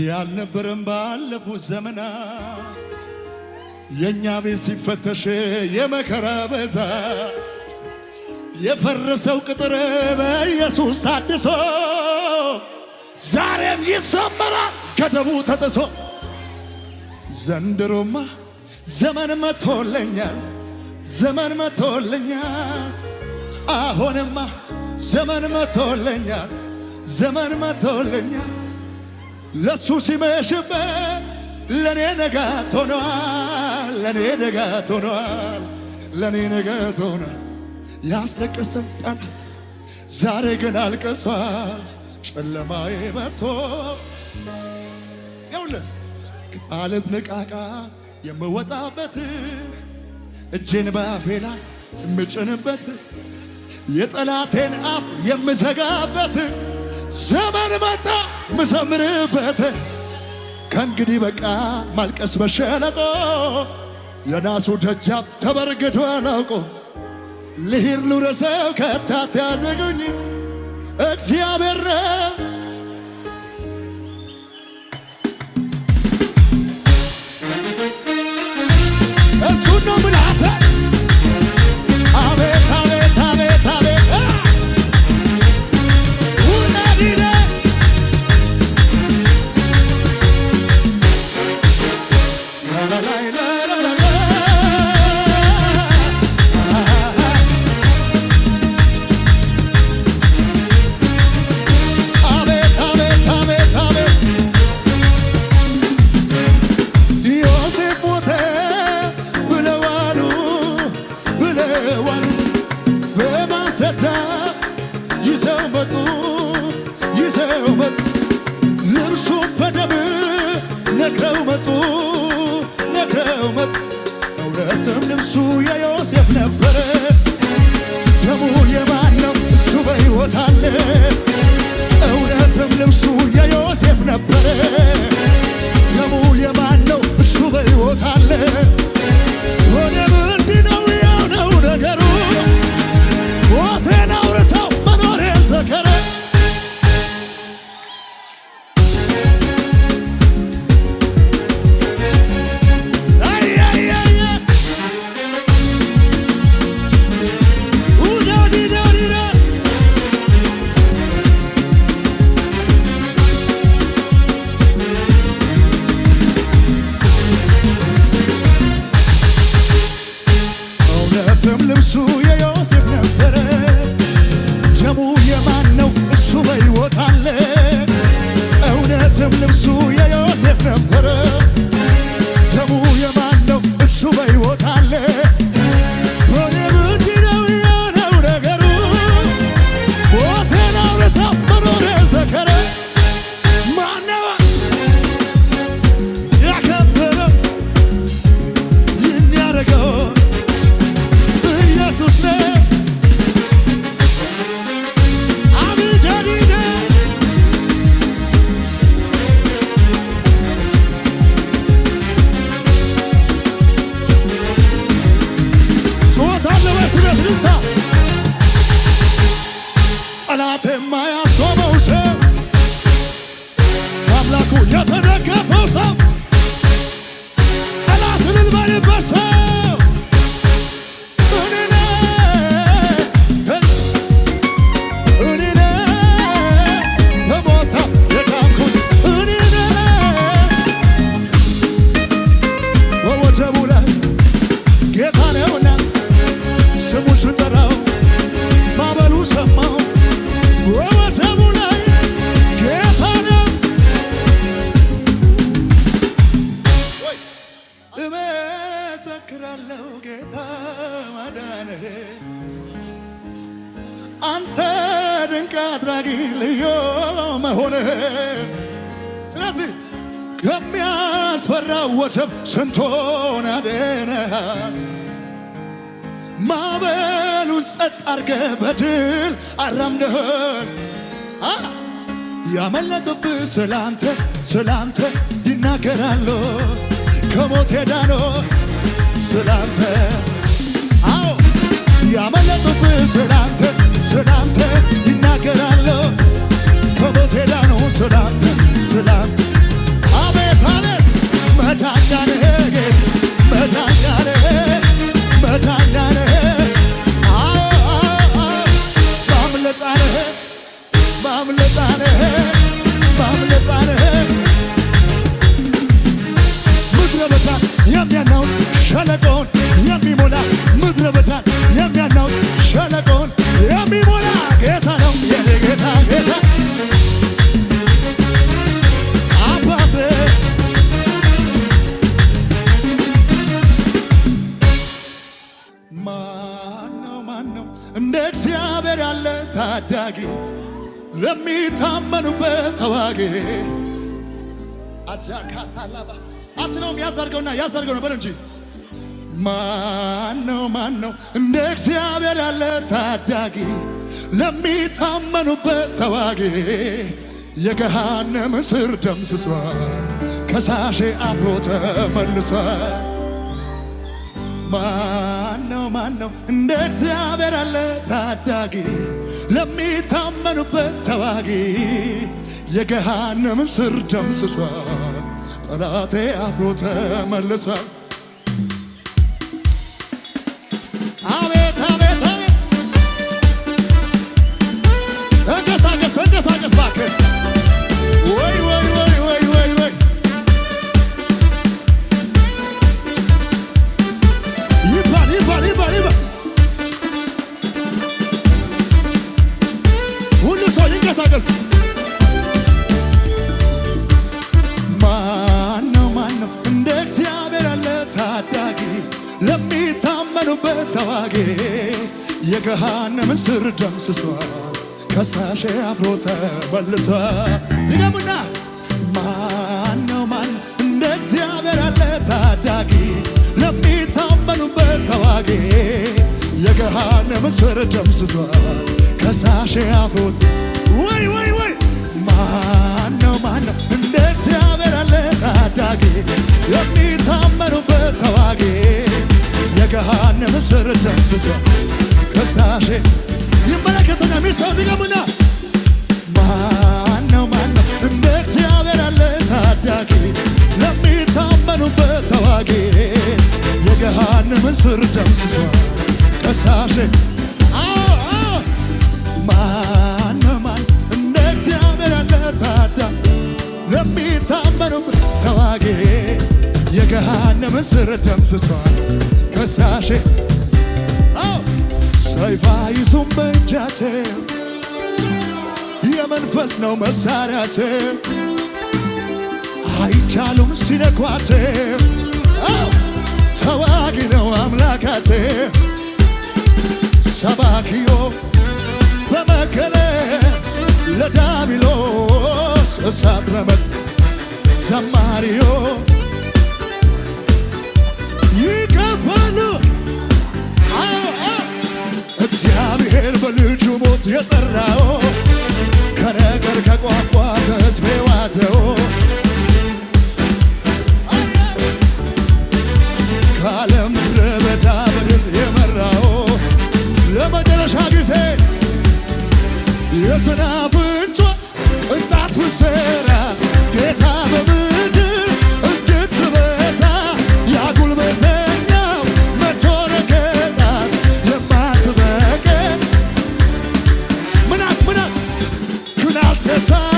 እንዲህ አልነበረም ባለፉት ዘመና የእኛ ቤት ሲፈተሽ የመከራ በዛ የፈረሰው ቅጥር በኢየሱስ ታድሶ ዛሬም ይሰመራል ገደቡ ተጥሶ ዘንድሮማ ዘመን መቶለኛል ዘመን መቶለኛል አሁንማ ዘመን መቶለኛል ዘመን መቶለኛል ለሱ ሲመሽበት ለኔ ነጋት ሆኗል፣ ለኔ ነጋት ሆኗል፣ ለኔ ነጋት ሆኗል። ያስለቀሰኝ ቀን ዛሬ ግን አልቅሷል፣ ጨለማዬ መጥቶ ይውል ከዓለም ንቃቃ የምወጣበት እጄን በአፌ ላይ የምጭንበት የጠላቴን አፍ የምዘጋበት ዘመን መጣ። ምዘምርበት ከእንግዲህ በቃ ማልቀስ በሸለቆ የናሱ ደጃፍ ተበርግዶ አላውቆ ልሂድ ልውረሰብ ከታት ያዘጉኝ እግዚአብሔር one ስም ልብሱ የዮሴፍ ነበረ። ደሙ የማን ነው? እሱ በሕይወት አለ። እውነትም ልብሱ የዮሴፍ ነበረ። ደሙ የማን ነው? እሱ በሕይወት አለ። Say እመሰክራለሁ ጌታ ማዳንህ አንተ ድንቅ አድራጊ ልዩ መሆንህ። ስለዚህ ከሚያስፈራው ወጀብ ስንቶን አድነሃል። ማዕበሉን ጸጥ አድርገህ በድል አራምደሃል። ያመለጠብህ ስላንተ ስላንተ ይናገራሉ ከሞት ሄዳኖ ስላንተ አዎ ያመለጡት ስላንተ ስላንተ ይናገራል ታዳጊ ለሚታመኑበት ተዋጊ አጃካታላባ አትነውም ያዘርገውና ያዘርገው ነው በል እንጂ ማነው ማነው እንደ እግዚአብሔር ያለ ታዳጊ ለሚታመኑበት ተዋጊ የገሃነም ስር ደምስሷል ከሳሼ አፍሮ ተመልሷል ማነው ማነው እንደ እግዚአብሔር ያለ ታዳጊ ለሚታመኑበት ተዋጊ የገሃነምን ስር ደምስሷል ጠላቴ አፍሮ ተመልሷል። ባመኑበት ተዋጊ የገሃነም ስር ደምስሷል። ከሳሼ አፍሮ ተመልሷል። ድገሙና ማን ነው ማን እንደ እግዚአብሔር ያለ ታዳጊ ለሚታመኑበት ተዋጊ የገሃነም ስር ደምስሷል። ከሳሼ አፍሮ ወይ ወይ ወይ ማን ነው ማን እንደ እግዚአብሔር ያለ ታዳጊ ከገሃነም ስር ደምስሰ ከሳሼ ይመለከተኛ ሚሰው ድገሙና ማነው ማነው እንደ እግዚአብሔር ያለ ታዳጊ ለሚታመኑበት ተዋጊ የገሃነም ስር ደምስሰ ከሳሼ ማነው ማነው እንደ እግዚአብሔር ያለ ታዳጊ ለሚታመኑበት ተዋጊ የገሃነም ስር ደምስሷል ከሳሼ ሰይፋ ይዙም በእጃቴ የመንፈስ ነው መሳሪያቴ አይቻሉም ሲነኳቴ ተዋጊ ነው አምላካቴ ሰባኪዮ በመከለ ለዳቢሎስ እሳት ረመድ ዘማሪዮ ከሞት የጠራው ከነገር ከቋቋ ከህዝብ ዋተው ከዓለም ምድረ በዳ ምድር የመራው ለመጨረሻ ጊዜ የሰናፍጭ እንጣት ውሰራ Time.